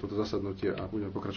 toto zasadnutie a budeme pokračovať.